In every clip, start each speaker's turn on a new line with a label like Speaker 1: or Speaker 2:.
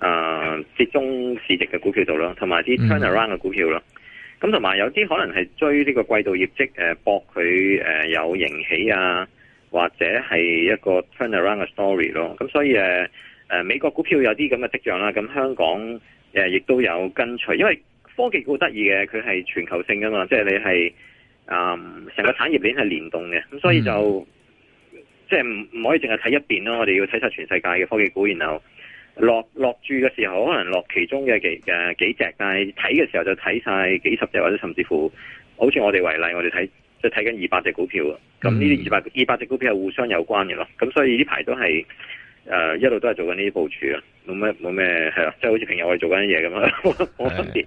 Speaker 1: 啊，接、嗯、中市值嘅股票度咯，同埋啲 turnaround 嘅股票咯。咁同埋有啲可能係追呢個季度業績，博佢有盈起啊，或者係一個 turnaround 嘅 story 咯。咁所以美國股票有啲咁嘅跡象啦。咁香港誒亦都有跟隨，因為科技股得意嘅，佢係全球性噶嘛，即係你係啊成個產業鏈係連動嘅，咁所以就、嗯、即係唔唔可以淨係睇一邊咯。我哋要睇晒全世界嘅科技股，然後，落落住嘅時候，可能落其中嘅幾誒幾隻，但係睇嘅時候就睇晒幾十隻，或者甚至乎，好似我哋為例，我哋睇即係睇緊二百隻股票啊！咁呢啲二百二百隻股票係互相有關嘅咯，咁所以呢排都係誒、呃、一路都係做緊呢啲部署啊，冇咩冇咩係啦，即係好似平日我哋做緊啲嘢咁啊，冇分別。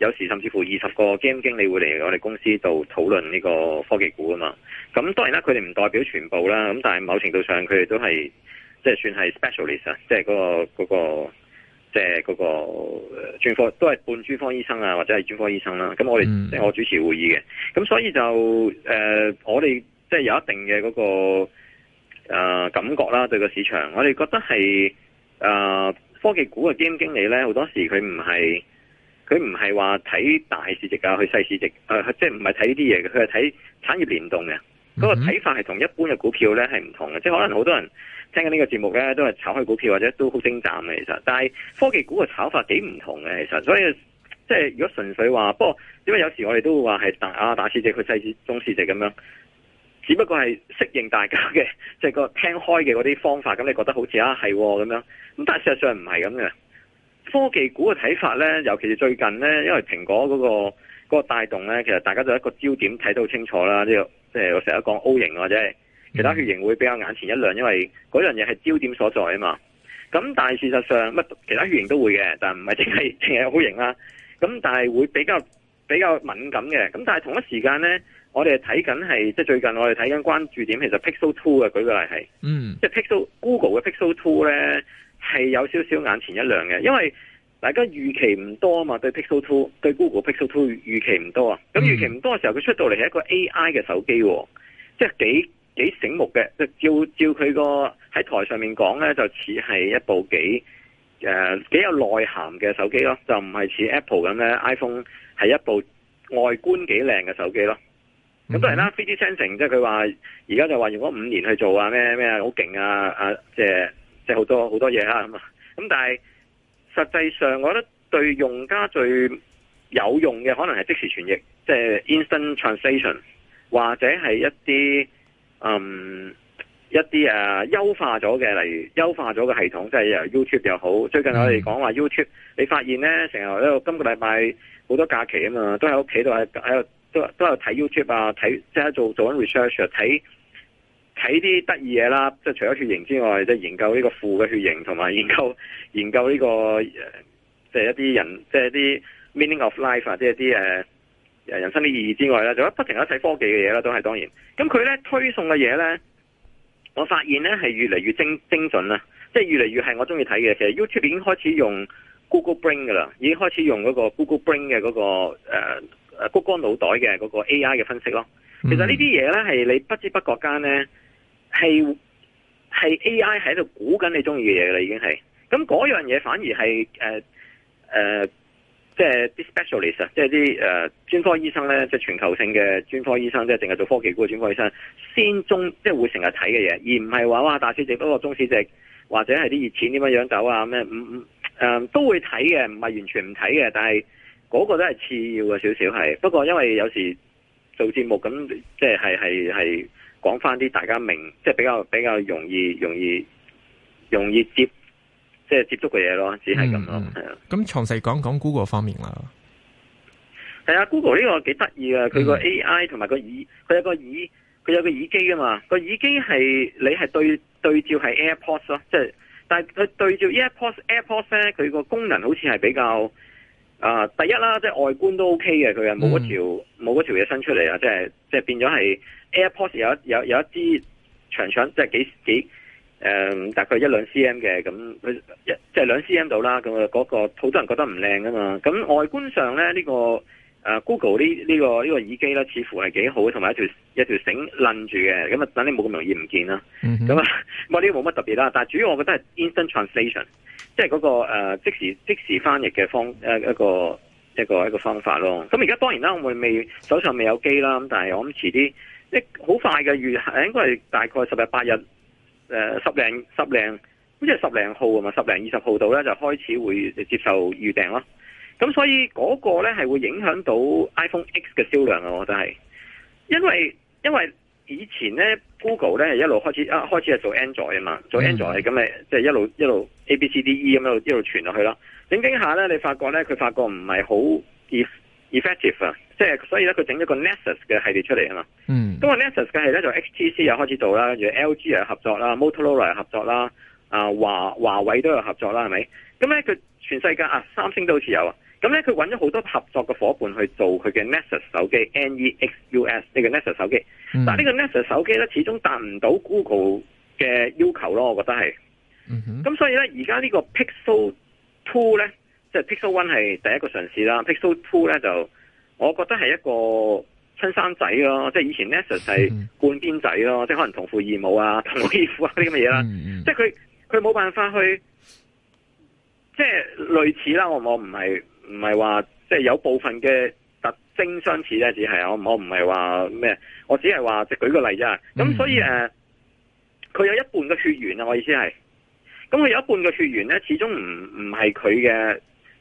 Speaker 1: 有時甚至乎二十個 game 經理會嚟我哋公司度討論呢個科技股啊嘛，咁當然啦，佢哋唔代表全部啦，咁但係某程度上佢哋都係即係算係 specialist 即係、嗰、嗰個、嗰個、即係、嗰、嗰個專科都係半專科醫生啊或者係專科醫生啦。咁、嗯、我哋即係我主持會議嘅，咁所以就誒、呃、我哋即係有一定嘅嗰、嗰個、呃、感覺啦對個市場，我哋覺得係誒、呃、科技股嘅 game 經理咧好多時佢唔係。佢唔係話睇大市值啊，去細市值，誒、呃，即係唔係睇呢啲嘢嘅，佢係睇產業聯動嘅。嗰、那個睇法係同一般嘅股票咧係唔同嘅，即係可能好多人聽緊呢個節目咧都係炒開股票或者都好精湛嘅其實，但係科技股嘅炒法幾唔同嘅其實，所以即係如果純粹話，不過因為有時我哋都會話係大啊大市值，去細市中市值咁樣，只不過係適應大家嘅即係個聽開嘅嗰啲方法，咁你覺得好似啊係咁、哦、樣，咁但係事實上唔係咁嘅。科技股嘅睇法呢，尤其是最近呢，因為蘋果嗰、嗰個、嗰個帶動呢，其實大家都有一個焦點睇到清楚啦。呢個即係我成日講 O 型或者係其他血型會比較眼前一亮，因為嗰樣嘢係焦點所在啊嘛。咁但係事實上乜其他血型都會嘅，但唔係淨係淨係 O 型啦、啊。咁但係會比較比較敏感嘅。咁但係同一時間呢，我哋睇緊係即係最近我哋睇緊關注點，其實 Pixel Two 嘅舉個例係，
Speaker 2: 嗯，
Speaker 1: 即係 Pixel Google 嘅 Pixel Two 呢。係有少少眼前一亮嘅，因為大家預期唔多啊嘛，對, 2，對 Pixel Two，對 Google Pixel Two 預期唔多啊。咁預期唔多嘅時候，佢出到嚟係一個 AI 嘅手機，哦，即係幾幾醒目嘅。就照照佢個喺台上面講咧，就似係一部幾誒幾有內涵嘅手機咯，就唔係似 Apple 咁咧 iPhone 係一部外觀幾靚嘅手機咯。
Speaker 2: 咁當然
Speaker 1: 啦 3D Sensing 即係佢話而家就話用咗五年去做啊咩咩好勁啊啊即係。即係好多好多嘢啦咁啊，咁但係實際上，我覺得對用家最有用嘅，可能係即時傳譯，即係 instant translation，或者係一啲嗯一啲誒優化咗嘅，例如優化咗嘅系統，即係由 YouTube 又好。最近我哋講話 YouTube，你發現咧，成日喺度，今個禮拜好多假期啊嘛，都喺屋企度喺喺度都都有睇 YouTube 啊，睇即係做做緊 research 啊，睇。睇啲得意嘢啦，即係除咗血型之外，即係研究呢個負嘅血型，同埋研究研究呢個，呃、即係一啲人，即係一啲 meaning of life 啊，即係一啲誒人生啲意義之外啦，仲有不停咁睇科技嘅嘢啦，都係當然。咁佢咧推送嘅嘢咧，我發現咧係越嚟越精精準啦，即係越嚟越係我中意睇嘅。其實 YouTube 已經開始用 Google Brain 噶啦，已經開始用嗰個 Google Brain 嘅嗰個誒誒谷歌腦袋嘅嗰個 AI 嘅分析咯。其實呢啲嘢咧係你不知不覺間咧。係係 A I 喺度估緊你中意嘅嘢啦，已經係咁嗰樣嘢反而係誒誒，即係 specialist 即係啲誒專科醫生咧，即係全球性嘅專科醫生，即係淨係做科技股嘅專科醫生先中，即係會成日睇嘅嘢，而唔係話哇大市值不過中市值，或者係啲熱錢點樣樣走啊咩？唔唔誒都會睇嘅，唔係完全唔睇嘅，但係嗰個都係次要嘅少少係。不過因為有時做節目咁，即係係係係。講翻啲大家明，即係比較比較容易容易容易接，即係接觸嘅嘢咯，只係咁咯，係、
Speaker 3: 嗯、啊。咁詳細講講 Google 方面啦，
Speaker 1: 係啊，Google 呢個幾得意啊，佢個 AI 同埋個耳，佢有個耳，佢有個耳機㗎嘛，個耳機係你係對對照係 AirPods 咯，即係，但係佢對照 AirPods AirPods 咧，佢個功能好似係比較。啊，第一啦，即係外觀都 OK 嘅，佢係冇嗰條冇嗰條嘢伸出嚟啊，即係即係變咗係 AirPods 有一有有一支長長，即係幾幾誒、呃，大概一兩 CM 嘅，咁佢一即係兩 CM 度啦，咁啊嗰個好、那個、多人覺得唔靚啊嘛，咁外觀上咧呢、這個誒、啊、Google 呢呢、這個呢、這個耳機咧，似乎係幾好，同埋一條一條繩攣住嘅，咁啊等你冇咁容易唔見啦，咁、嗯哼嗯、啊，冇呢冇乜特別啦，但係主要我覺得係 Instant Translation。即係嗰、那個誒、呃、即時即時翻譯嘅方一、呃、一個一個一個方法咯。咁而家當然啦，我未手上未有機啦。咁但係我諗遲啲即好快嘅預係應該係大概十日八日誒、呃、十零十零好似係十零號啊嘛，十零二十號度咧就開始會接受預訂咯。咁、嗯、所以嗰個咧係會影響到 iPhone X 嘅銷量啊！我覺得係因為因為。因為以前咧，Google 咧一路開始、啊、開始係做 Android 啊嘛，做 Android 咁咪即係一路一路 A B C D E 咁一路一路傳落去啦。整整下咧，你發覺咧佢發覺唔係好、e、effective 啊，即係所以咧佢整咗個 Nexus 嘅系列出嚟啊嘛。Mm hmm. 嗯，咁啊 Nexus 嘅系列就 HTC 又開始做啦，跟住 LG 又合作啦，Motorola 又合作啦，啊華華為都有合作啦，係咪？咁咧佢全世界啊三星都好似有啊。咁咧，佢揾咗好多合作嘅伙伴去做佢嘅 Nexus 手機，N E X U S 呢個 Nexus 手機。但係呢個 Nexus 手機咧，始終達唔到 Google 嘅要求咯，我覺得係。咁、嗯哼嗯、所以咧，而家呢個 Pixel Two 咧，即係 Pixel One 係第一個嘗試啦。Pixel Two 咧就，我覺得係一個親生仔咯，即係以前 Nexus 係半邊仔咯，嗯、即係可能同父異母啊，同我姨父啊啲咁嘅嘢啦。嗯嗯即係佢佢冇辦法去，即係類似啦。我我唔係。唔係話即係有部分嘅特徵相似咧，只係我我唔係話咩，我只係話即舉個例啫。咁、嗯、所以誒，佢、啊、有一半嘅血緣啊，我意思係，咁佢有一半嘅血緣咧，始終唔唔係佢嘅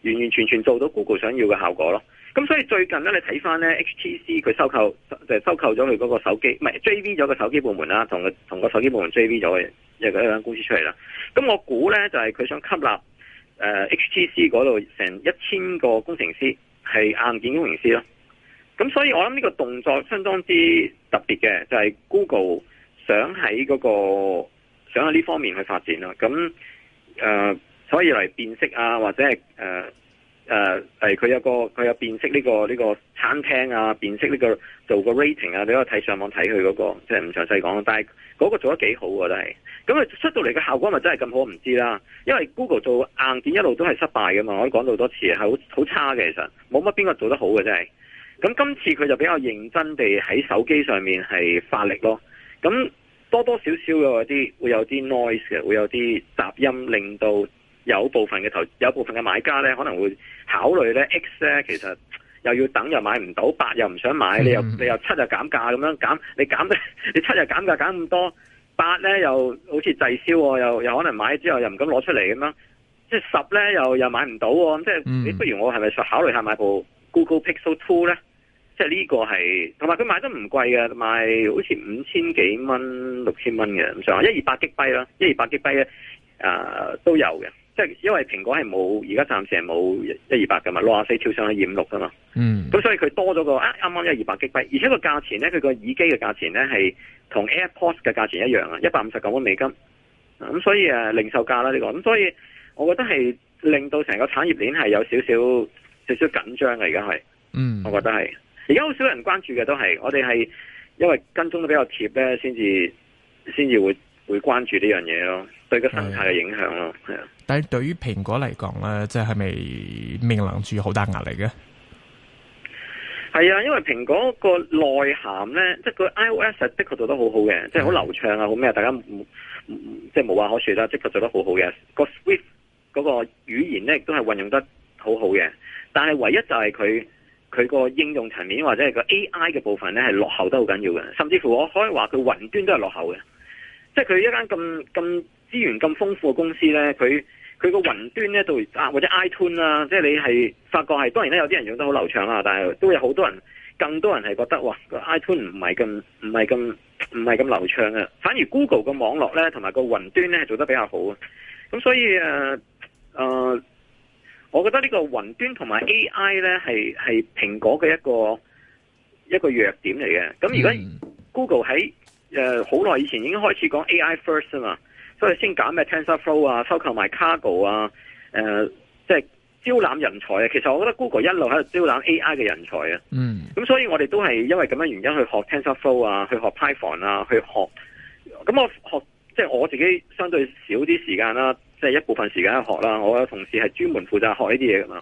Speaker 1: 完完全全做到 Google 想要嘅效果咯。咁所以最近咧，你睇翻咧，HTC 佢收購就係收購咗佢嗰個手機，唔係 JV 咗個手機部門啦，同佢同個手機部門 JV 咗嘅一個一間公司出嚟啦。咁我估咧就係、是、佢想吸納。誒，HTC 嗰度成一千個工程師係硬件工程師咯，咁所以我諗呢個動作相當之特別嘅，就係、是、Google 想喺嗰、嗰個想喺呢方面去發展啦咁誒，uh, 所以嚟辨識啊，或者係誒。Uh, 誒係佢有個佢有辨識呢個呢個餐廳啊，辨識呢個做個 rating 啊，你可以睇上網睇佢嗰個，即係唔詳細講。但係嗰個做得幾好啊。都係，咁佢出到嚟嘅效果咪真係咁好唔知啦。因為 Google 做硬件一路都係失敗嘅嘛，我講到好多次係好好差嘅，其實冇乜邊個做得好嘅真係。咁今次佢就比較認真地喺手機上面係發力咯。咁多多少少有啲會有啲 noise 嘅，會有啲雜音嘅，會有啲雜音令到。有部分嘅投有部分嘅買家咧，可能會考慮咧，X 咧其實又要等又買唔到，八又唔想買，你又你又七又減價咁樣減，你減得你七又減價減咁多，八咧又好似滯銷又又可能買之後又唔敢攞出嚟咁樣，即係十咧又又買唔到，即係你不如我係咪考慮下買部 Google Pixel Two 咧？即係呢個係同埋佢買得唔貴嘅，賣好似五千幾蚊六千蚊嘅咁上下，一二百 GB 啦，一二百 GB 咧啊都有嘅。即係因為蘋果係冇而家暫時係冇一二八噶嘛，六啊四跳上去二五六噶嘛。嗯。咁所以佢多咗個，啱啱一二八 G 幣，而且個價錢咧，佢個耳機嘅價錢咧係同 AirPods 嘅價錢一樣啊，一百五十九蚊美金。咁所以誒零售價啦呢個，咁所以我覺得係令到成個產業鏈係有少少少少緊張嘅而家係。嗯。我覺得係而家好少人關注嘅都係，我哋係因為跟蹤得比較貼咧，先至先至會。會關注呢樣嘢咯，對個生態嘅影響咯，
Speaker 3: 係啊的。的但係對於蘋果嚟講咧，即係係咪面臨住好大壓力
Speaker 1: 嘅？係啊，因為蘋果個內涵咧，即係佢 iOS 係的確做得好好嘅，即係好流暢啊，好咩啊，大家即係冇話可說啦，的確做得好好嘅。個 Swift 嗰個語言咧，亦都係運用得好好嘅。但係唯一就係佢佢個應用層面或者係個 AI 嘅部分咧，係落後得好緊要嘅。甚至乎我可以話佢雲端都係落後嘅。即係佢一間咁咁資源咁豐富嘅公司呢，佢佢個雲端呢度、啊、或者 iTune 啦、啊，即係你係發覺係當然咧，有啲人用得好流暢啦，但係都有好多人，更多人係覺得哇，個 iTune 唔係咁唔係咁唔係咁流暢啊，反而 Google 嘅網絡呢，同埋個雲端呢，係做得比較好啊，咁所以誒誒、呃呃，我覺得呢個雲端同埋 AI 呢，係係蘋果嘅一個一個弱點嚟嘅。咁如果 Google 喺誒好耐以前已經開始講 AI first 啊嘛，所以先揀咩 TensorFlow 啊，收購埋 Kaggle 啊，誒即係招攬人才啊。其實我覺得 Google 一路喺度招攬 AI 嘅人才啊。嗯。咁所以我哋都係因為咁樣原因去學 TensorFlow 啊，去學 Python 啊，去學。咁我學即係、就是、我自己相對少啲時間啦，即、就、係、是、一部分時間去學啦。我有同事係專門負責學呢啲嘢㗎嘛。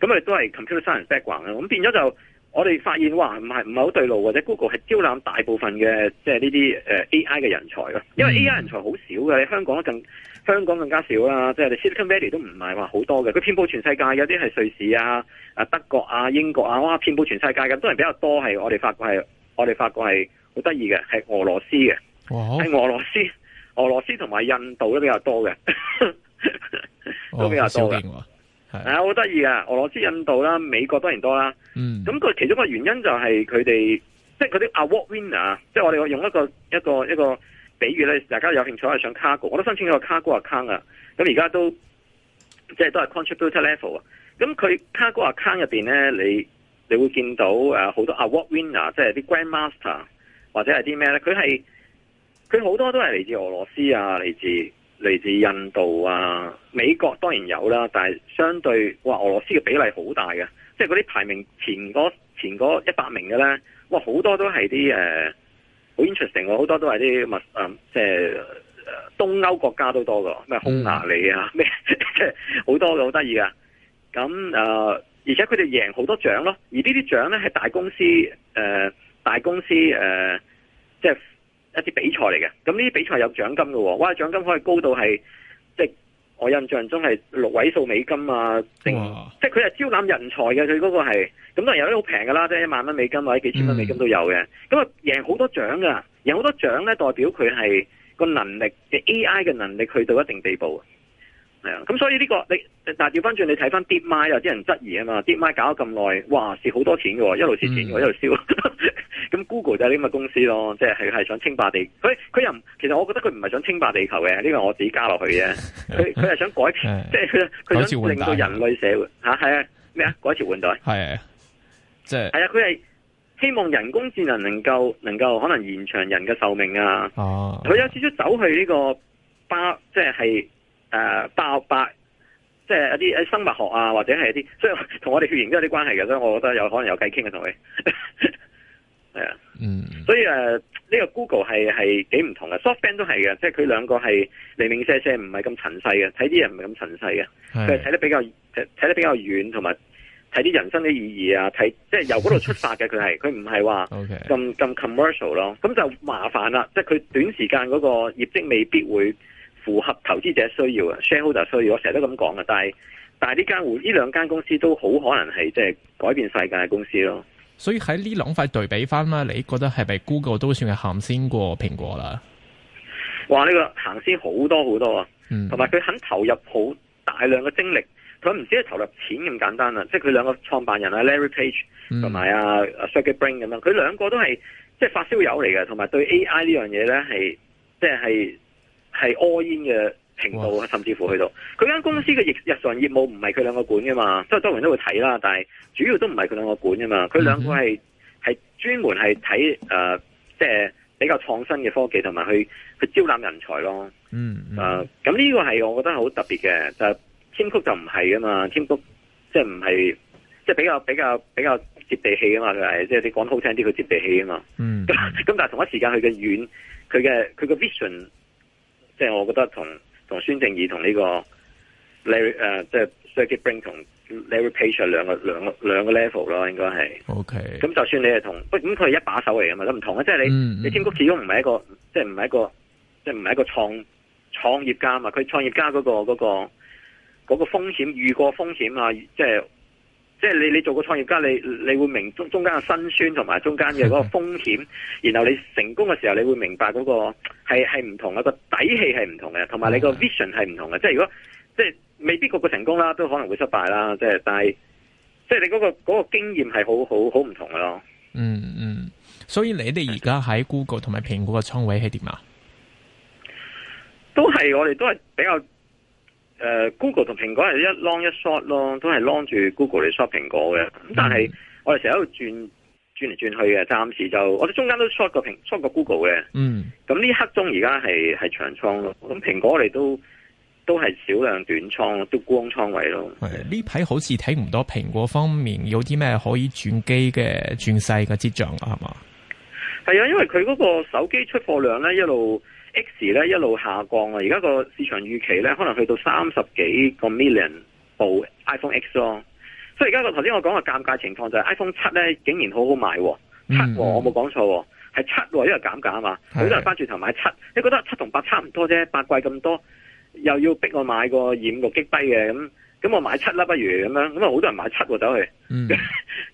Speaker 1: 咁我哋都係 computer science background 啊，咁變咗就。我哋發現哇，唔係唔係好對路，或者 Google 係招攬大部分嘅即係呢啲 AI 嘅人才咯，因為 AI 人才好少嘅，你香港更香港更加少啦。即係你 c Silicon Valley 都唔係話好多嘅，佢遍佈全世界，有啲係瑞士啊、啊德國啊、英國啊，哇，遍佈全世界咁都係比較多。係我哋發覺係我哋發覺係好得意嘅，係俄羅斯嘅，係、哦、俄羅斯，俄羅斯同埋印度都比較多嘅，
Speaker 2: 都比較多。哦
Speaker 1: 啊，好得意啊！俄羅斯、印度啦，美國當然多啦。嗯，咁佢其中一個原因就係佢哋，即係嗰啲 award winner，即係我哋用一個一個一個比喻咧，大家有興趣可以上卡 o 我都申請咗個卡 o account 啊。咁而家都即係都係 contributor level 啊。咁佢卡 o account 入面咧，你你會見到誒好多 award winner，即係啲 grandmaster 或者係啲咩咧？佢係佢好多都係嚟自俄羅斯啊，嚟自。嚟自印度啊，美國當然有啦，但係相對哇，俄羅斯嘅比例好大嘅，即係嗰啲排名前嗰前一百名嘅咧，哇好多都係啲誒好 interesting，好多都係啲物誒即係、呃、東歐國家都多嘅，咩匈牙利啊咩好多嘅，好得意噶，咁誒、呃、而且佢哋贏好多獎咯，而呢啲獎咧係大公司誒、呃、大公司誒、呃、即係。一啲比賽嚟嘅，咁呢啲比賽有獎金嘅、哦，哇獎金可以高到係，即係我印象中係六位數美金啊，哇即係佢係招攬人才嘅，佢嗰個係，咁當然有啲好平㗎啦，即係一萬蚊美金或者幾千蚊美金都有嘅，咁啊、嗯、贏好多獎㗎。贏好多獎咧代表佢係個能力嘅 AI 嘅能力去到一定地步啊，係啊，咁所以呢、呢個你，但掉返翻轉你睇翻 DeepMind 有啲人質疑啊嘛、嗯、DeepMind 搞咗咁耐，哇蝕好多錢嘅，一路蝕錢喎，一路燒。嗯 咁 Google 就係呢個公司咯，即係係係想稱霸地球，佢佢又唔其實我覺得佢唔係想稱霸地球嘅，呢、這個我自己加落去嘅，佢佢係想改，即係佢想令到人類社會吓係啊咩啊改朝換代
Speaker 3: 係，即
Speaker 1: 係係啊佢係希望人工智能能夠能夠可能延長人嘅壽命啊，佢、啊、有少少走去呢、這個八，即係係誒八即係一啲生物學啊，或者係一啲所以同我哋血型都有啲關係嘅，所以我覺得有可能有偈傾嘅同佢。 係啊，嗯，Yeah. mm. 所以誒呢、uh, 個 Google 係係幾唔同嘅，SoftBank 都係嘅，mm. 即係佢兩個係零零舍舍唔係咁詳細嘅，睇啲人唔係咁詳細嘅，佢係睇得比較睇睇得比較遠，同埋睇啲人生嘅意義啊，睇即係由嗰度出發嘅佢係，佢唔係話咁咁 commercial 咯，咁就麻煩啦，即係佢短時間嗰個業績未必會符合投資者需要啊，shareholder 需要，我成日都咁講嘅，但係但係呢間戶呢兩間公司都好可能係即係改變世界嘅公司咯。
Speaker 3: 所以喺呢兩塊對比翻啦，你覺得係咪 Google 都算係行先過蘋果啦？
Speaker 1: 哇！呢、這個行先好多好多啊，同埋佢肯投入好大量嘅精力，佢唔止係投入錢咁簡單啦、嗯、啊，即係佢兩個創辦人啊 Larry Page 同埋啊啊 Sergey Brin 咁啦，佢兩個都係即係發燒友嚟嘅，同埋對 AI 這東西呢樣嘢咧係即係係 all in 嘅。平道甚至乎去到佢間公司嘅日常業務唔係佢兩個管噶嘛，即係當然都會睇啦。但係主要都唔係佢兩個管噶嘛，佢兩個係係專門係睇誒，即係比較創新嘅科技同埋去去招攬人才咯。嗯，誒、嗯，咁呢、啊、個係我覺得好特別嘅。但 Tim Cook 就唔係噶嘛，Tim Cook 即係唔係即係比較比較比較接地氣噶嘛，佢係即係你講得好聽啲，佢接地氣啊嘛。嗯。咁咁 但係同一時間佢嘅遠，佢嘅佢嘅 vision，即係我覺得同。同孫正義同呢個 Larry，誒、呃，即係 Sergey Brin 同 Larry Page 兩個兩個兩個 level 咯，應該係。O K. 咁就算你係同，不咁佢係一把手嚟噶嘛，咁唔同啊，即係你、mm hmm. 你 Tim Cook 始終唔係一個，即係唔係一個，即係唔係一個創創業家嘛，佢創業家嗰、那個嗰、那個嗰、那個風險，遇過風險啊，即係。即係你你做個創業家，你你會明中中間嘅辛酸同埋中間嘅嗰個風險，然後你成功嘅時候，你會明白嗰個係係唔同一個底氣係唔同嘅，還有的同埋你個 vision 係唔同嘅。即係如果即係未必個個成功啦，都可能會失敗啦。即係但係即係你嗰個嗰個經驗係好好好唔同嘅咯。嗯嗯，
Speaker 3: 所以你哋而家喺 Google 同埋蘋果嘅倉位係點啊？
Speaker 1: 都係我哋都係比較。誒、uh，Google 同蘋果係一 long 一 short 咯，都係 long 住 Google 嚟 short 蘋果嘅。咁但係我哋成日喺度轉轉嚟轉去嘅，暫時就我哋中間都 sh 過 short 個蘋 short 個 Google 嘅。嗯。咁呢刻中而家係係長倉咯，咁蘋果我哋都都係少量短倉都光倉
Speaker 3: 位咯。係呢排好似睇唔到蘋果方面有啲咩可以轉機嘅轉勢嘅跡象啊？係嘛？
Speaker 1: 係啊，因為佢嗰個手機出貨量咧一路。X 咧一路下降啊！而家個市場預期咧，可能去到三十幾個 million 部 iPhone X 咯。所以而家個頭先我講個尷尬情況就係、是、iPhone 七咧，竟然好好買喎，七喎！我冇講錯喎，係七喎，因為減價啊嘛，好是多人返翻轉頭買七。你覺得七同八差唔多啫，八貴咁多，又要逼我買個二五六激低嘅咁。咁我買七粒不如咁樣，咁啊好多人買七喎、啊、走去，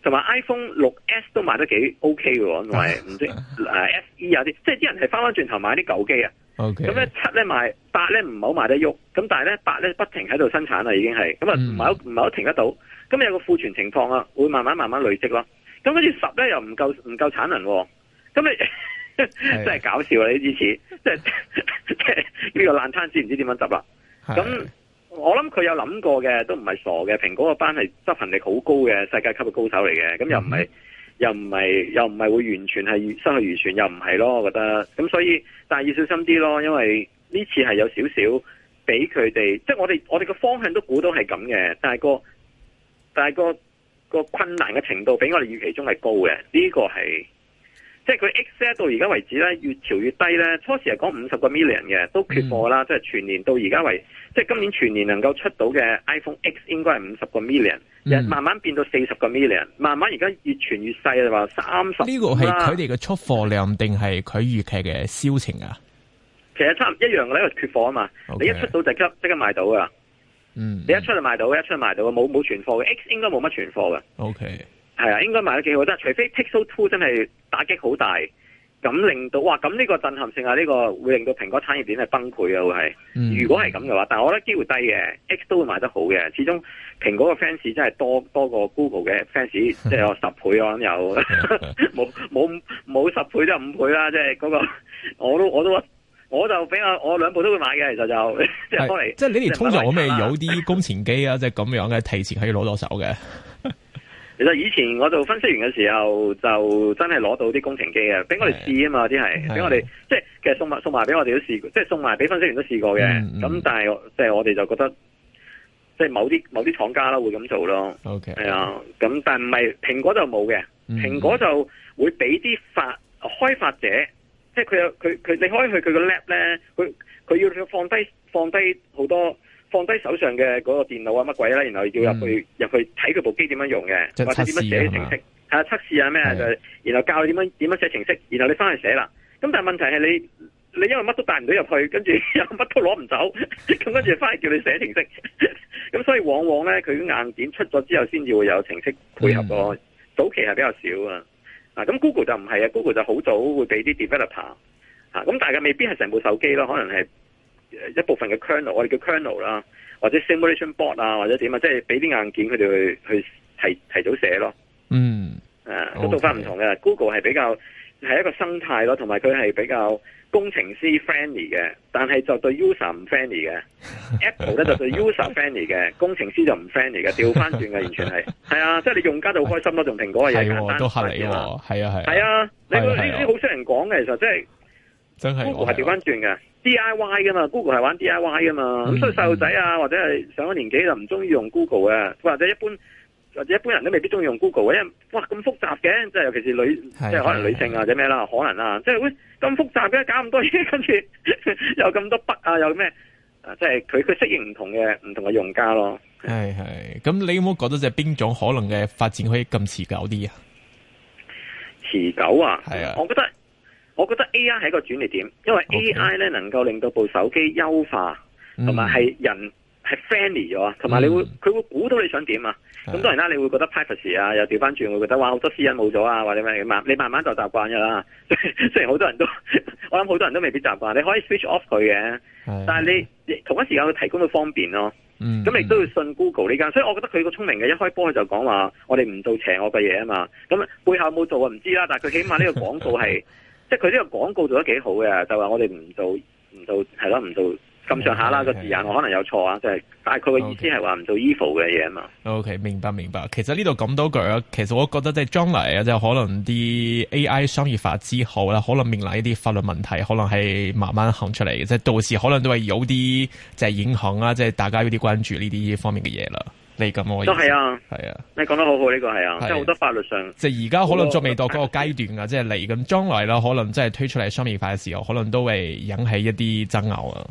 Speaker 1: 同埋、嗯、 iPhone 六 S 都賣得幾 OK 嘅，同埋唔知誒 SE 有啲，即係啲人係翻翻轉頭買啲舊機啊。咁咧 Okay. 七咧賣，八咧唔好賣得喐，咁但係咧八咧不停喺度生產啦，已經係咁啊唔係唔係好停得到，咁有個庫存情況啊，會慢慢慢慢累積咯。咁跟住十咧又唔夠唔夠產能、啊，咁你， 真係搞笑啊！是的 你支此，即係即係呢個爛攤先唔知點樣執啦。咁是的 那。我諗佢有諗過嘅，都唔係傻嘅。蘋果個班係執行力好高嘅，世界級嘅高手嚟嘅。咁又唔係，又唔係，又唔係會完全係失去完全，又唔係咯。我覺得咁，所以但係要小心啲咯，因為呢次係有少少俾佢哋，即係我哋我哋個方向都估到係咁嘅，但係個但係個個困難嘅程度比我哋預期中係高嘅，呢個係。即係佢 X 咧，到而家為止咧，越調越低咧。初時係講五十個 million 嘅，都缺貨啦。嗯、即係全年到而家為，即係今年全年能夠出到嘅 iPhone X 應該係五十個 million，嗯、慢慢變到四十個 million，慢慢而家越傳越細啊，話三十。呢個係佢哋
Speaker 3: 嘅出貨量定係佢預期嘅銷情啊？
Speaker 1: 其實差唔一樣嘅，因為缺貨啊嘛。Okay, 你一出到就即，即刻賣到噶。嗯，你一出就賣到，一出就賣到，冇冇存貨嘅 X 應該冇乜存貨嘅。OK。係啊，應該賣得幾好，但係除非 Pixel Two 真係打擊好大，咁令到哇，咁呢個震撼性啊，呢、這個會令到蘋果產業鏈係崩潰啊，會係。嗯、如果係咁嘅話，但係我覺得機會低嘅，X 都會賣得好嘅，始終蘋果嘅 fans 真係多多過 Google 嘅 fans，即係十倍 我諗有，冇冇冇十倍，即係五倍啦，即係、那、嗰個我都我都我就比較我兩部都會買嘅，其實就是來即係幫你。即係你哋通常我唔有
Speaker 3: 啲工錢機啊？即係咁樣嘅提前可以攞到手嘅？
Speaker 1: 其實以前我做分析員嘅時候，就真係攞到啲工程機嘅，俾我哋試啊嘛，啲係俾我哋，對即係其實送埋送埋俾我哋都試，即係送埋俾分析員都試過嘅。咁、mm hmm. 但係即係我哋就覺得，即係某啲某啲廠家啦會咁做咯。OK，係啊，咁但係唔係蘋果就冇嘅，蘋果，mm hmm. 蘋果就會俾啲發開發者，即係佢有佢佢你可以去佢個 lab 咧，佢佢要佢放低放低好多。放低手上嘅嗰個電腦啊乜鬼啦，然後要入去入、嗯、去睇佢部機點樣用嘅，或者點樣寫程式，吓測試啊咩啊，就的然後教你點樣點樣寫程式，然後你翻去寫啦。咁但係問題係你你因為乜都帶唔到入去，跟住又乜都攞唔走，咁跟住翻去叫你寫程式。咁 所以往往咧，佢硬件出咗之後，先至會有程式配合過。嗯、早期係比較少啊。咁 Go Google 就唔係啊，Google 就好早會俾啲 developer 吓、啊，咁但係未必係成部手機咯，可能係。一部分嘅 kernel，我哋叫 kernel 啦，或者 simulation board 啊，或者點啊，即係俾啲硬件佢哋去去提提早寫咯。嗯，啊，個做法唔同嘅。Google 係比較係一個生態咯，同埋佢係比較工程師 friendly 嘅，但係就對 user 唔 friendly 嘅。Apple 咧就對 user friendly 嘅，工程師就唔 friendly 嘅，調翻轉嘅完全係。係啊，即係你用家就好開心咯，用蘋果嘅嘢簡單都係係啊係。係啊，你呢啲好少人講嘅，其實即係，真係 Google 係調翻轉嘅。D I Y 噶嘛，Google 係玩 D I Y 噶嘛，咁、嗯、所以細路仔啊，或者係上咗年紀就唔中意用 Google 嘅，或者一般或者一般人都未必中意用 Google 嘅，因為哇咁複雜嘅，即係尤其是女，即係是可能女性或者咩啦，是可能啊，即係會咁複雜嘅，搞咁多嘢，跟住有咁多筆啊，有咩，即係佢佢適應唔同嘅唔同嘅用家咯。係係，
Speaker 3: 咁你有冇覺得即係邊種可能嘅發展可以咁持久啲啊？
Speaker 1: 持久啊，係啊的，我覺得。我覺得 A I 係一個轉捩點，因為 A I 咧能夠令到部手機優化，同埋係人係 friendly 咗啊，同埋你會佢會估到你想點啊。咁、mm. 當然啦，你會覺得 privacy 啊，又調翻轉會覺得哇，好多私隱冇咗啊，或者咩咁你慢慢就習慣噶啦。 雖然好多人都，我諗好多人都未必習慣。你可以 switch off 佢嘅，mm. 但係你同一時間佢提供到方便咯。咁亦都要信 Google 呢間，所以我覺得佢個聰明嘅一開波佢就講話，我哋唔做邪惡嘅嘢啊嘛。咁背後有冇做啊？唔知啦。但係佢起碼呢個廣告係。 即係佢呢個廣告做得幾好嘅，就話我哋唔做唔做係咯，唔做咁上下啦個字眼，okay, okay. 我可能有錯啊，就係、是，但係佢嘅意思係話
Speaker 3: 唔做 evil 嘅嘢嘛。OK，明白明白。其實呢度咁多句啊，其實我覺得即係將來啊，即係可能啲 AI 商業化之後啦，可能面臨一啲法律問題，可能係慢慢行出嚟，即係到時可能都係有啲即係影響啊，即係大家有啲關注呢啲方面嘅嘢啦。你咁我意思，都係啊，
Speaker 1: 係啊，你講得好好，呢個係啊，係啊，即係好多法律上，即係而家可能仲未
Speaker 3: 到嗰個階段噶，多即係嚟咁將來啦，可能即係推出嚟商業化嘅時候，可能都會引起一啲爭拗啊，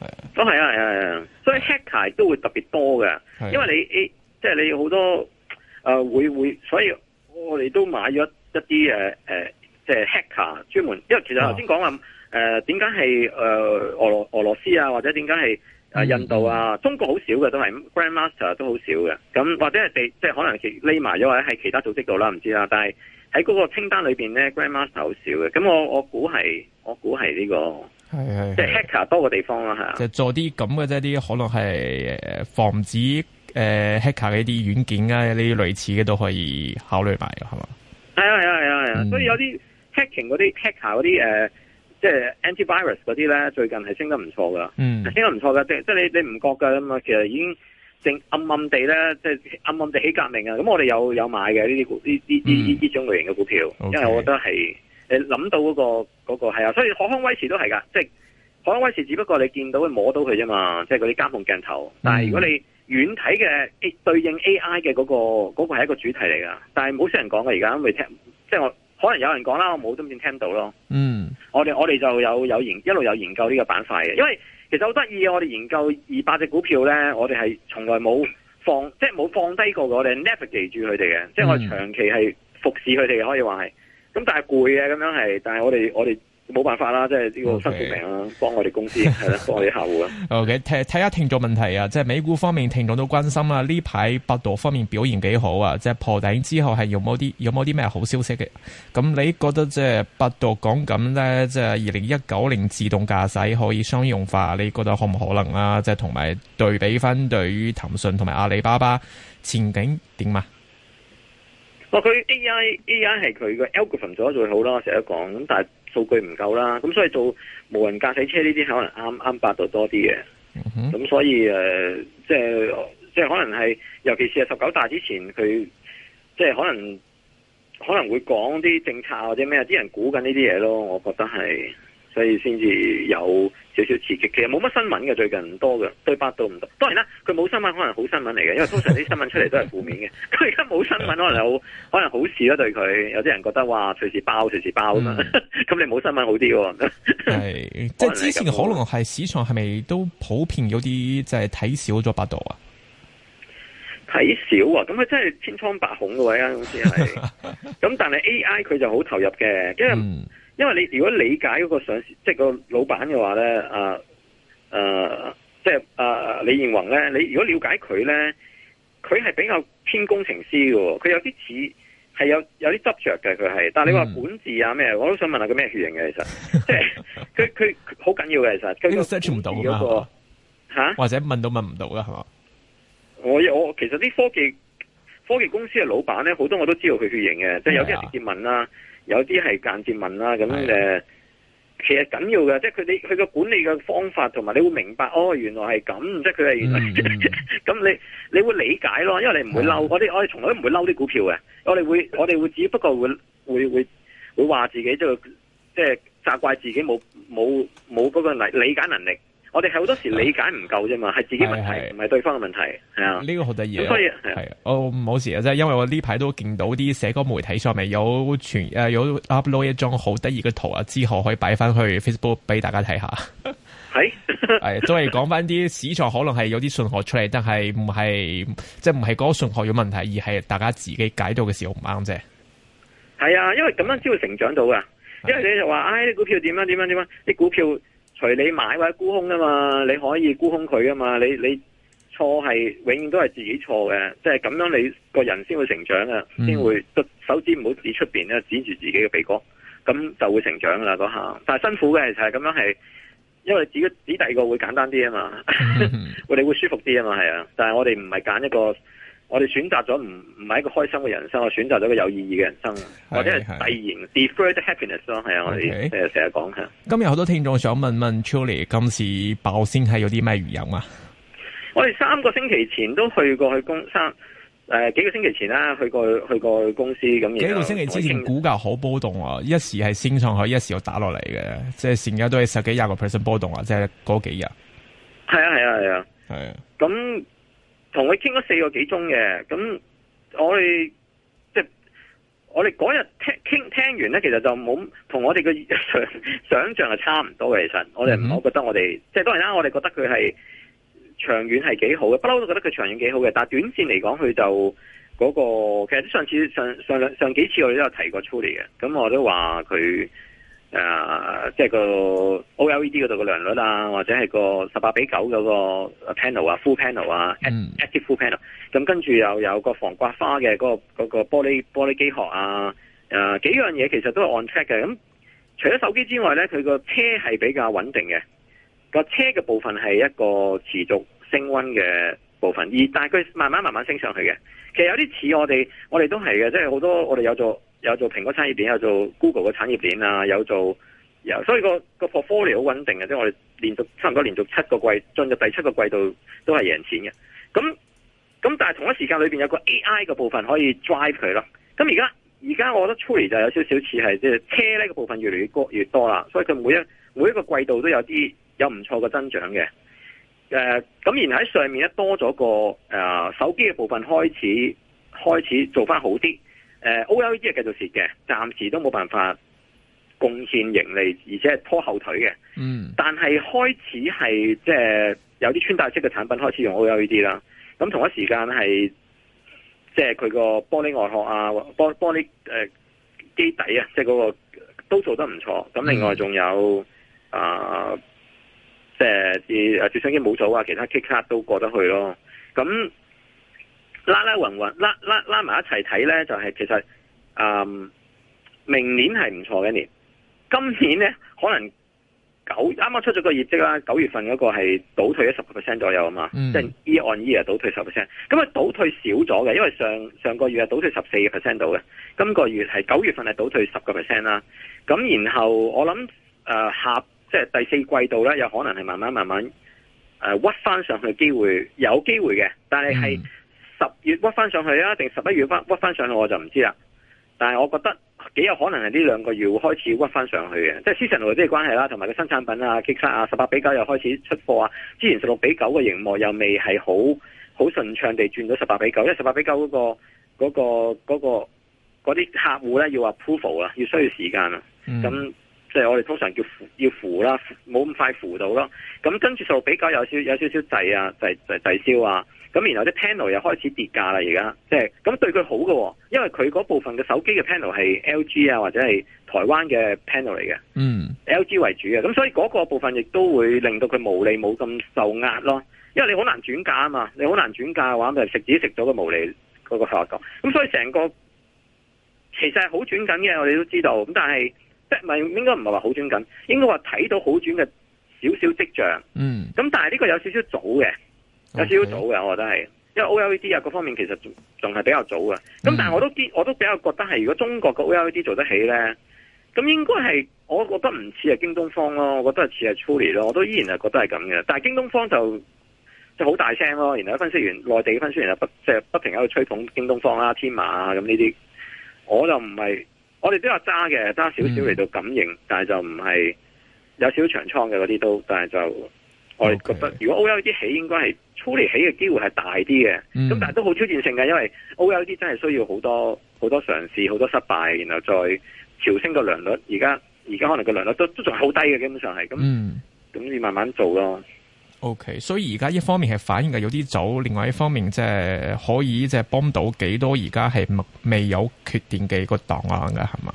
Speaker 1: 係啊，都係啊，係啊，所以 hacker 都會特別多嘅，係啊、因為你你即係、即係、你好多誒、呃、會會，所以我哋都買咗一啲誒誒，即、呃、係、呃即係、hacker 專門，因為其實頭先講啊，誒點解係誒俄羅俄羅斯啊，或者點解係？啊！印度啊，中國好少嘅都係 grandmaster 都好少嘅，咁或者係地，即係可能其匿埋咗，或者係其他組織度啦，唔知啦。但係喺嗰個清單裏面咧，grandmaster 好少嘅。咁我我估係，我估係呢個，
Speaker 3: 即係
Speaker 1: hacker 多個地方啦、啊，係啊。
Speaker 3: 就做啲咁嘅啫，啲可能係防止、呃、hacker 嘅一啲軟件啊，呢類似嘅都可以考慮埋，係嘛？
Speaker 1: 係啊係啊係啊啊！所以有啲 hacking 嗰啲、嗯、hacker 嗰啲即係 anti-virus 嗰啲咧，最近係升得唔錯噶，嗯、升得唔錯噶。即即係你你唔覺㗎咁嘛，其實已經正暗暗地咧，即、就、係、是、暗暗地起革命啊！咁我哋有有買嘅呢啲股呢呢呢呢種類型嘅股票，嗯、okay，因為我覺得係誒諗到嗰、那個嗰係啊，所以海康威視都係噶，即係海康威視，只不過你見到佢摸到佢啫嘛，即係嗰啲監控鏡頭。嗯、但係如果你遠睇嘅 A 對應 AI 嘅嗰、那個嗰、那個係一個主題嚟㗎，但係冇少人講㗎而家，因為即係我。可能有人講啦，我冇都唔聽到咯。嗯、
Speaker 2: mm.，
Speaker 1: 我哋我哋就有有研一路有研究呢個板塊嘅，因為其實好得意。我哋研究二百隻股票呢，我哋係從來冇放即係冇放低過我哋，navigate 住佢哋嘅，mm. 即係我哋長期係服侍佢哋可以話係。咁但係攰嘅咁樣係，但係我哋我哋。冇辦法啦，即係呢個新命名啦，幫
Speaker 3: 我哋公司係啦，幫我哋客戶啦。O K，睇睇下聽眾問題啊，即係美股方面聽眾都關心啊。呢排百度方面表現幾好啊，即係破頂之後係有冇啲有冇啲咩好消息嘅？咁你覺得即係百度講緊咧，即係二零一九年自動駕駛可以商用化，你覺得可唔可能啊？即係同埋對比翻，對於騰訊同埋阿里巴巴前景點啊？哦，佢 A I A I 係佢個
Speaker 1: algorithm 做得最好啦，我成日講咁，但係。數據唔夠啦，咁所以做無人駕駛車呢啲可能啱啱百度多啲嘅，咁、mm hmm. 所以誒、呃，即係即係可能係，尤其是係十九大之前，佢即係可能可能會講啲政策或者咩，啲人估緊呢啲嘢咯，我覺得係。所以先至有少少刺激，其實冇乜新聞嘅最近唔多嘅，對百度唔多。當然啦，佢冇新聞可能好新聞嚟嘅，因為通常啲新聞出嚟都係負面嘅。佢而家冇新聞，可能有 可能好事咯。對佢有啲人覺得哇，隨時包，隨時包。啊、嗯！咁 你冇新聞好啲喎。係
Speaker 3: 即係之前可能係市場係咪都普遍有啲即係睇少咗百度啊？
Speaker 1: 睇少啊！咁佢真係千瘡百孔嘅喎，間公司係。咁但係 A I 佢就好投入嘅，因為。嗯因為你如果理解嗰個上司即係個老闆嘅話咧，誒、呃、誒、呃，即係誒、呃、李彥宏咧，你如果了解佢咧，佢係比較偏工程師嘅，佢有啲似係有有啲執着嘅，佢係。但係你話管
Speaker 3: 治啊咩，嗯、我都
Speaker 1: 想問下佢咩血型嘅，其實即係佢佢好緊要嘅，其
Speaker 3: 實。呢 個 search 唔到㗎嘛？吓， 或者問到問唔到㗎，係嘛？
Speaker 1: 我我其實啲科技。科技公司嘅老闆咧，好多我都知道佢血型嘅，即係有啲係直接問啦，有啲係間接問啦，咁誒，其實緊要嘅，即係佢哋，佢個管理嘅方法，同埋你會明白，哦，原來係咁，即係佢係原來咁，嗯嗯 那你你會理解咯，因為你唔會嬲、啊，我哋我哋從來都唔會嬲啲股票嘅，我哋會我哋會只不過會會會會話自己就即係責怪自己冇冇冇嗰個理理解能力。我哋係好多時理解唔夠啫嘛，係、啊、自己問題，唔係是對方嘅問題，係啊。呢個好
Speaker 3: 得意嘅，所以係啊，我冇事啊，即係、哦、因為我呢排都見到啲社交媒體上面有傳誒有 upload 一張好得意嘅圖啊，之後可以擺翻去 Facebook 俾大家睇下。係係都係講翻啲市場可能係有啲信號出嚟，但係唔係即係唔係嗰個信號有問題，而係大家自己解到嘅時候唔啱啫。
Speaker 1: 係啊，因為咁樣先會成長到噶，的因為你就話，哎，股票點樣點樣點樣啲股票。隨你買或者沽空啊嘛，你可以沽空佢啊嘛，你你錯係永遠都係自己錯嘅，即係咁樣你個人先會成長啊，先、嗯、會手指唔好指出面咧，指住自己嘅鼻哥，咁就會成長啦嗰下。但係辛苦嘅就係、是、咁樣係，因為指個指第二個會簡單啲啊嘛，我哋、嗯、 會舒服啲啊嘛，係啊，但係我哋唔係揀一個。我哋選擇咗唔唔係一個開心嘅人生，我選擇咗一個有意義嘅人生，或者係突然是 deferred happiness 咯，係啊，我哋成日
Speaker 3: 講。今日好多聽眾想問問 Chloe 今次爆先係有啲咩原因啊？
Speaker 1: 我哋三個星期前都去過去公司，誒、呃、幾個星期前啦，去過去公司咁。幾個星期之前
Speaker 3: 股價好波動啊，一時係升上去，一時又打落嚟嘅，即係成日都係十幾廿個 percent 波動啊，即係嗰幾日。
Speaker 1: 係啊係啊係啊係啊咁。同佢傾咗四個幾鐘嘅，咁我哋即係我哋嗰日聽，聽完咧，其實就冇同我哋嘅想，想像係差唔多嘅。其實我哋，我覺得我哋即係當然啦，我哋覺得佢係長遠係幾好嘅，不嬲都覺得佢長遠幾好嘅。但係短線嚟講，佢就嗰個其實上次上上兩上幾次我哋都有提過出嚟嘅，咁我都話佢。誒，即係、uh, 個 OLED 嗰度個良率啊，或者係個十八比九嗰個 panel 啊，full panel 啊，active full panel。咁跟住又有個防刮花嘅嗰個玻璃玻璃機殼啊，啊，幾樣嘢其實都係 on check 嘅。咁除咗手機之外咧，佢個車係比較穩定嘅，個車嘅部分係一個持續升溫嘅部分，而但係佢慢慢慢慢升上去嘅。其實有啲似我哋，我哋都係嘅，即係好多我哋有做。有做蘋果產業鏈，有做 Google 嘅產業鏈啊，有做有，所以、那個、那個 portfolio 好穩定嘅，即、就、係、是、我哋連續差唔多連續七個季，進入第七個季度都係贏錢嘅。咁咁，那但係同一時間裏面有個 AI 嘅部分可以 drive 佢咯。咁而家而家，現在我覺得出 y 就有少少似係即係車呢個部分越嚟越越多啦。所以佢每一每一個季度都有啲有唔錯嘅增長嘅。誒、呃，咁然後喺上面多咗個、呃、手機嘅部分開始開始做翻好啲。誒，O L E D 係繼續蝕嘅，暫時都冇辦法貢獻盈利，而且係拖後腿嘅。嗯，但係開始係即係有啲穿戴式嘅產品開始用 O L E D 啦。咁同一時間係即係佢個玻璃外殼啊，玻玻璃誒基底啊，即係嗰個都做得唔錯。咁另外仲有啊，即係啲誒攝像機模組啊，其他 c 卡都過得去咯。咁拉拉混混，拉拉拉埋一齊睇咧，就係、是、其實，嗯，明年係唔錯嘅一年。今年咧可能九啱啱出咗個業績啦，九月份嗰個係倒退咗十個 percent 左右啊嘛，即係 year on year、e、倒退十 percent。咁啊倒退少咗嘅，因為上上個月啊倒退十四 percent 度嘅，今個月係九月份係倒退十個 percent 啦。咁然後我諗誒、呃、下即係、就是、第四季度咧，有可能係慢慢慢慢誒、呃、屈翻上去機會，有機會嘅，但係係。嗯十月屈翻上去啊，定十一月翻屈翻上去我就唔知啦。但係我覺得幾有可能係呢兩個月會開始屈翻上去嘅，即係思辰同啲嘅關係啦，同埋個新產品啊、激殺啊、十八比九又開始出貨啊。之前十六比九嘅螢幕又未係好好順暢地轉到十八比九，因為十八比九嗰個嗰個嗰個嗰啲客戶咧要話 prove 啊，要需要時間啊，咁。即係我哋通常叫扶要扶啦，冇咁快扶到咯。咁跟住就比較有少有少少滯啊，滯滯滯銷啊。咁然後啲 panel 又開始跌價啦，而家即係咁對佢好嘅，因為佢嗰部分嘅手機嘅 panel 係 LG 啊或者係台灣嘅 panel 嚟
Speaker 2: 嘅，
Speaker 1: 嗯，LG 為主嘅。咁所以嗰個部分亦都會令到佢毛利冇咁受壓咯。因為你好難轉嫁啊嘛，你好難轉嫁嘅話，咪食自己食到個毛利嗰個效果。咁所以成個其實係好轉緊嘅，我哋都知道。咁但係。即係唔應該，唔係話好轉緊，應該話睇到好轉嘅少少跡象。嗯，咁但係呢個是有少少早嘅，有少少早嘅，我覺得係，因為 O L E D 啊，各方面其實仲係比較早嘅。咁、嗯、但係我都啲，我都比較覺得係，如果中國個 O L E D 做得起咧，咁應該係，我覺得唔似係京東方咯，我覺得係似係 Truly 咯。我都依然係覺得係咁嘅，但係京東方就就好大聲咯。然後分析員、內地嘅分析員就不即係、就是、不停喺度吹捧京東方啦、天馬啊咁呢啲，我就唔係。我哋都有揸嘅，揸少少嚟到感應，嗯、但係就唔係有少少長倉嘅嗰啲都，但係就我哋覺得，如果 o l d 起應該係粗嚟起嘅機會係大啲嘅，咁、嗯、但係都好挑戰性嘅，因為 o l d 真係需要好多好多嘗試、好多失敗，然後再調升個良率。而家而家可能個良率都都仲係好低嘅，基本上係咁，咁你、嗯、慢慢做咯。
Speaker 3: O、okay, K，所以而家一方面係反應嘅有啲早，另外一方面即係可以即係幫到幾多而家係未有決定嘅個檔啊，噶係嘛？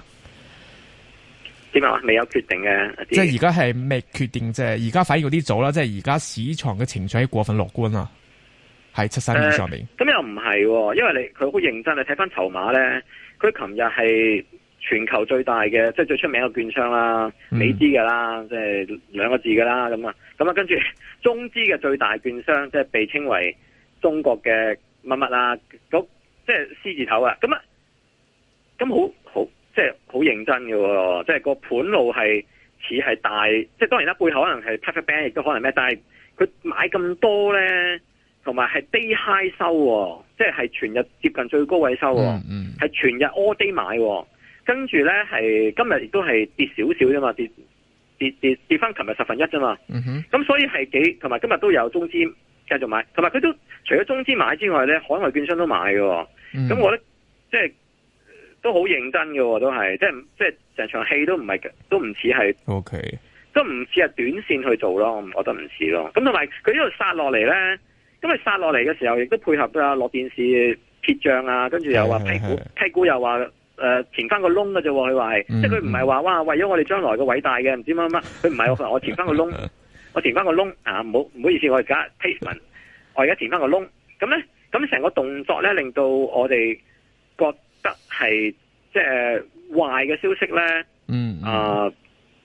Speaker 1: 點啊？未有決定嘅，即係而家係
Speaker 3: 未決定，即係而家反應有啲早啦，即係而家市場嘅情緒過分樂觀啊，喺七三二上面。咁、
Speaker 1: 呃、又唔係、哦，因為你佢好認真，你睇翻籌碼咧，佢琴日係。全球最大嘅即係最出名嘅券商啦，美資嘅啦，即係兩個字嘅啦咁啊，咁啊跟住中資嘅最大券商，即係被稱為中國嘅乜乜啦，咁即係 C 字頭啊，咁啊，咁好好即係好認真嘅喎，即係個盤路係似係大，即係當然啦，背後可能係 private bank 亦都可能咩，但係佢買咁多咧，同埋係 day high 收，即係全日接近最高位收，係、嗯嗯、全日 all day 買。跟住咧，係今日亦都係跌少少啫嘛，跌跌跌跌翻，琴日十分一啫嘛。咁、嗯哼嗯、所以係幾，同埋今日都有中資繼續買，同埋佢都除咗中資買之外咧，海外券商都買嘅、哦。咁、嗯、我覺得，即係都好認真嘅、哦，都係即係即係成場戲都唔係，都唔似係。O Okay . K，都唔似係短線去做咯，我覺得唔似咯。咁同埋佢呢度殺落嚟咧，因為殺落嚟嘅時候亦都配合啊，攞電視撇賬啊，跟住又話批股，批股又話。誒、呃，填翻個窿嘅啫喎，佢話、嗯、即係佢唔係話哇為咗我哋將來嘅偉大嘅，唔知乜乜，佢唔係話我填翻個窿，我填翻個窿 啊，唔好唔好意思，我而家 placement 文，我而家填翻個窿，咁呢，咁成個動作呢，令到我哋覺得係即係壞嘅消息呢。嗯啊、呃、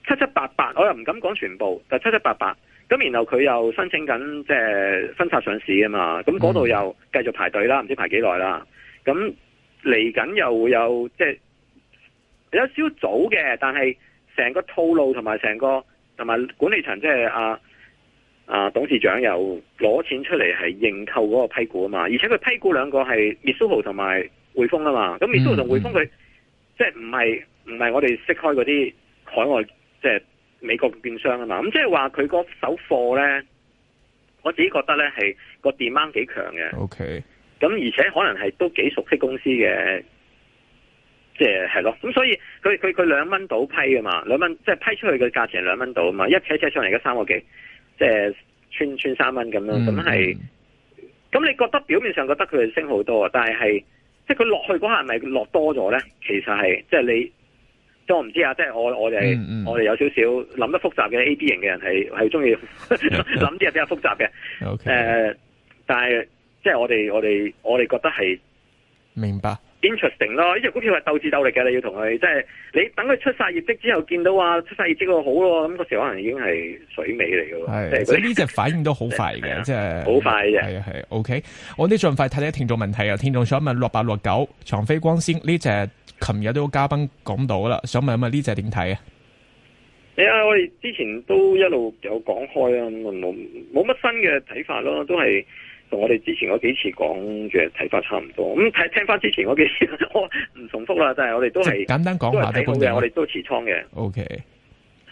Speaker 1: 七七八八，我又唔敢講全部，就七七八八，咁然後佢又申請緊即係分拆上市啊嘛，咁嗰度又繼續排隊啦，唔、嗯、知排幾耐啦，咁。嚟緊又會有即係、就是、有少少早嘅，但係成個套路同埋成個同埋管理層即係、就是、啊啊董事長又攞錢出嚟係認購嗰個批股啊嘛，而且佢批股兩個係美蘇豪同埋匯豐啊嘛，咁美蘇豪同匯豐佢即係唔係唔係我哋識開嗰啲海外即係、就是、美國嘅券商啊嘛，咁即係話佢嗰手貨呢，我自己覺得呢係個 demand 幾強嘅。Okay. 咁而且可能係都幾熟悉公司嘅，即係係咯。咁所以佢佢佢兩蚊到批㗎嘛，兩蚊即係批出去嘅價錢係兩蚊到啊嘛。一扯扯上嚟而家三個幾，即係串串三蚊咁樣，咁係。咁你覺得表面上覺得佢哋升好多啊？但係係即係佢落去嗰下係咪落多咗咧？其實係即係你，即我唔知啊。即係我我哋、嗯嗯、我哋有少少諗得複雜嘅 AB 型嘅人係係中意諗啲係比較複雜嘅。誒
Speaker 3: Okay.、
Speaker 1: 呃，但係。即係我哋，我哋，我哋覺得係明白，interesting 咯。呢隻股票係鬥智鬥力嘅，你要同佢即係你等佢出晒業績之後話，見到啊出晒業績個好咯，咁嗰時候可能已經係水尾嚟嘅咯。係，即係呢
Speaker 3: 隻反應都好快嘅，即係好快嘅。係啊，係。OK，我哋盡快睇睇聽眾問題啊。聽眾想問：六八六九、長飛光纖呢隻，琴日都有嘉賓講到啦，想問咁啊呢隻點睇
Speaker 1: 啊？啊，我哋之前都一路有講開啊，冇冇乜新嘅睇法咯，都係。同我哋之前嗰幾次講嘅睇法差唔多，咁睇聽翻之前嗰幾次，我唔重複啦，但係我哋都係簡
Speaker 3: 單講下睇好嘅。義我哋都持倉嘅。O K，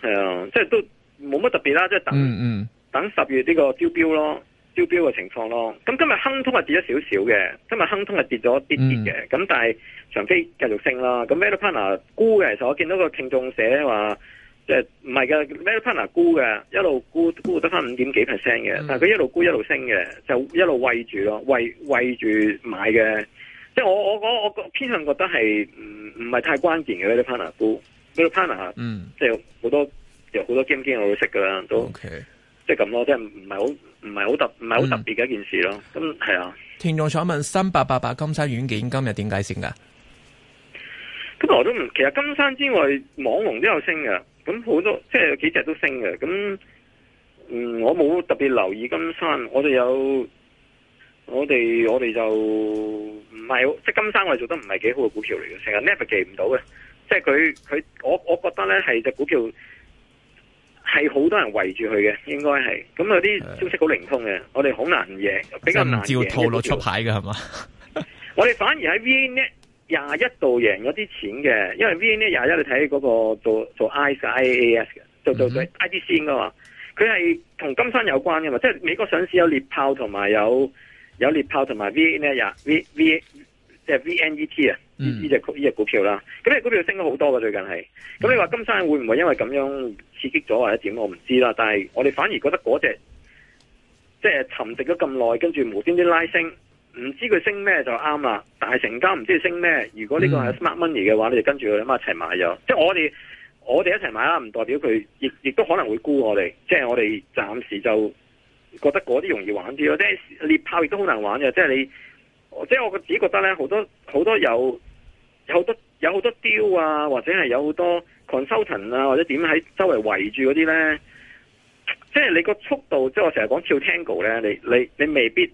Speaker 1: 係啊，即係都冇乜特別啦，即係等，嗯嗯，等十月呢個招標咯，招標嘅情況咯。咁今日亨通係跌咗少少嘅，今日亨通係跌咗啲啲嘅，咁、嗯、但係長飛繼續升啦。咁 Metaplanet 沽嘅，其實我見到個聽眾寫話。即唔係嘅 v e d p a n 沽嘅，一路沽沽得翻五點幾 percent 嘅，但係佢一路沽一路升嘅，就一路喂住咯，喂喂住買嘅，即係我我我我偏向覺得係唔唔係太關鍵嘅 Vedpana 沽 Vedpana 即係好多有好多 game 我都識噶啦，都即係咁咯，即係唔係好唔係好特唔係好特別嘅一件事咯。咁係啊。
Speaker 3: 聽眾想問：三八八八金山軟件今日點解升噶？
Speaker 1: 咁我都唔，其實金山之外，網龍都有升嘅。咁好多，即係有幾隻都升嘅。咁，嗯，我冇特別留意金山，我哋有，我哋我哋就唔係，即係金山我哋做得唔係幾好嘅股票嚟嘅，成日 never 記唔到嘅。即係佢佢，我我覺得咧係隻股票係好多人圍住佢嘅，應該係。咁有啲消息好靈通嘅，我哋好難贏，比較難贏。照套路出
Speaker 3: 牌嘅係嘛？
Speaker 1: 我哋反而喺 Vnet。廿一度贏咗啲錢嘅，因為 V N 呢廿一你睇嗰個做做 I S I A、mm hmm. S 嘅，做做 IDC 噶嘛，佢係同金山有關噶嘛，即係美國上市有獵豹同埋有有獵豹同埋 V N 呢日 V V 即係 V N E T 啊，呢隻呢隻股票啦，咁呢隻股票升咗好多噶最近係，咁你話金山會唔會因為咁樣刺激咗或者點我唔知啦，但係我哋反而覺得嗰隻即係沉寂咗咁耐，跟住無端端拉升。唔知佢升咩就啱啦，但係成交唔知佢升咩。如果呢個係 Smart Money 嘅話，你就跟住佢咁一齊買咗。即係我哋，我哋一齊買啦，唔代表佢，亦亦都可能會沽我哋。即係我哋暫時就覺得嗰啲容易玩啲咯。即係獵炮亦都好難玩嘅。即係你，即係我自己覺得咧，好多好多有，有好多有好多雕啊，或者係有好多 consultant 啊，或者點喺周圍圍住嗰啲咧。即係你個速度，即係我成日講跳 tango 咧，你你你未必。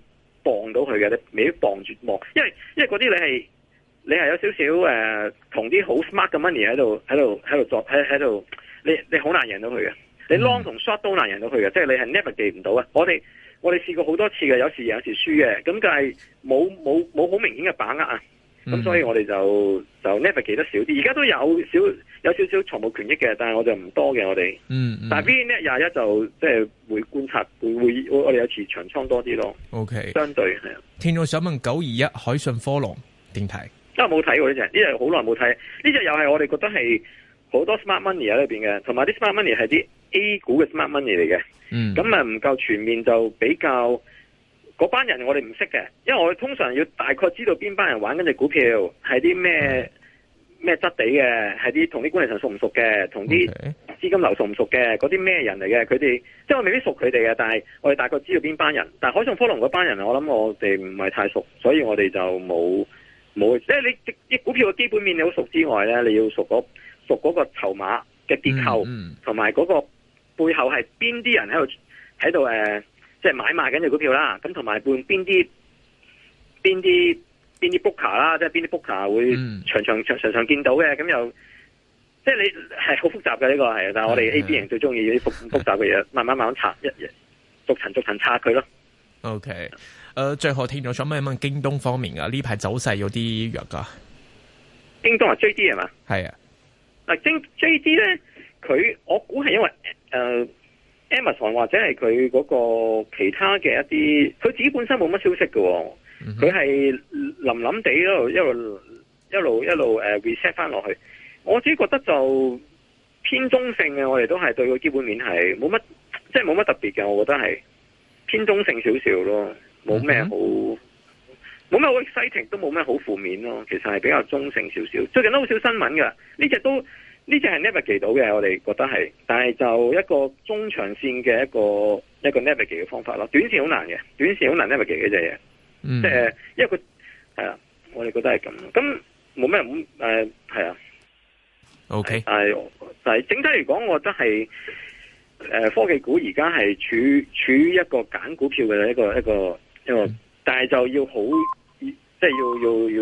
Speaker 1: 望到佢嘅，你未必望住望，因為因為嗰啲你係你係有少少誒，同啲好 smart 嘅 money 喺度喺度喺度作喺喺度，你你好難贏到佢嘅，你 long 同 short 都難贏到佢嘅，即係你係 never 記唔到啊！我哋我哋試過好多次嘅，有時贏有時輸嘅，咁但係冇冇冇好明顯嘅把握啊！咁所以我哋就就 never 記得少啲，而家都有少。有少少財務權益嘅，但係我就唔多嘅，我哋、嗯。嗯，但係 B 呢廿一就即係會觀察，嗯、會會我哋有持長倉多啲咯。O okay , K，相對係。
Speaker 3: 聽 21, 我想問九二一海信科龍點睇？
Speaker 1: 真係冇睇喎呢隻，呢隻好耐冇睇。呢隻又係我哋覺得係好多 smart money 喺裏面嘅，同埋啲 smart money 係啲 A 股嘅 smart money 嚟嘅。咁啊唔夠全面就比較嗰班人我哋唔識嘅，因為我哋通常要大概知道邊班人玩緊隻股票係啲咩。咩質地嘅，係啲同啲管理層熟唔熟嘅，同啲資金流熟唔熟嘅，嗰啲咩人嚟嘅？佢哋即係我未必熟佢哋嘅，但係我哋大概知道邊班人。但係海上科龍嗰班人，我諗我哋唔係太熟，所以我哋就冇冇。即係你啲股票嘅基本面你好熟之外咧，你要熟嗰、嗰個、熟嗰個籌碼嘅結構，同埋嗰個背後係邊啲人喺度喺度誒，即係買賣緊嘅股票啦。咁同埋半邊啲邊啲。邊啲 book 卡，er, 啦、er 嗯，即係邊啲 book 卡會常常常常常見到嘅，咁又即係你係好複雜嘅呢，這個係，但係我哋 A、B 型最中意啲複是的 複雜嘅嘢，慢慢慢慢拆，一是的 逐層逐層拆佢咯。
Speaker 3: OK，誒，呃，最後聽到想問一問京東方面噶呢排走勢有啲弱噶？
Speaker 1: 京東啊，J D 係嘛？係
Speaker 3: 是的
Speaker 1: 啊，嗱，京 J D 咧，佢我估係因為誒，呃，Amazon 或者係佢嗰個其他嘅一啲，佢自己本身冇乜消息噶，啊。佢係腍腍地一路一路一路誒 reset 翻落去。我自己覺得就偏中性嘅，我哋都係對個基本面係冇乜，即係冇乜特別嘅。我覺得係偏中性少少咯，冇咩好，冇咩好 exciting 都冇咩好負面咯。其實係比較中性少少。最近都好少新聞㗎。呢隻都呢隻係 navigate 到嘅。我哋覺得係，但係就一個中長線嘅一個一個 navigate 嘅方法咯。短線好難嘅，短線好難 navigate 嘅隻嘢。即係，嗯、因為佢係啊，我哋覺得係咁，咁冇咩咁誒，係啊，OK，係但係整體嚟講，我覺得係誒、呃、科技股而家係處處於一個揀股票嘅一個一個一個，一個一個嗯、但係就要好
Speaker 2: 即係要要要。要要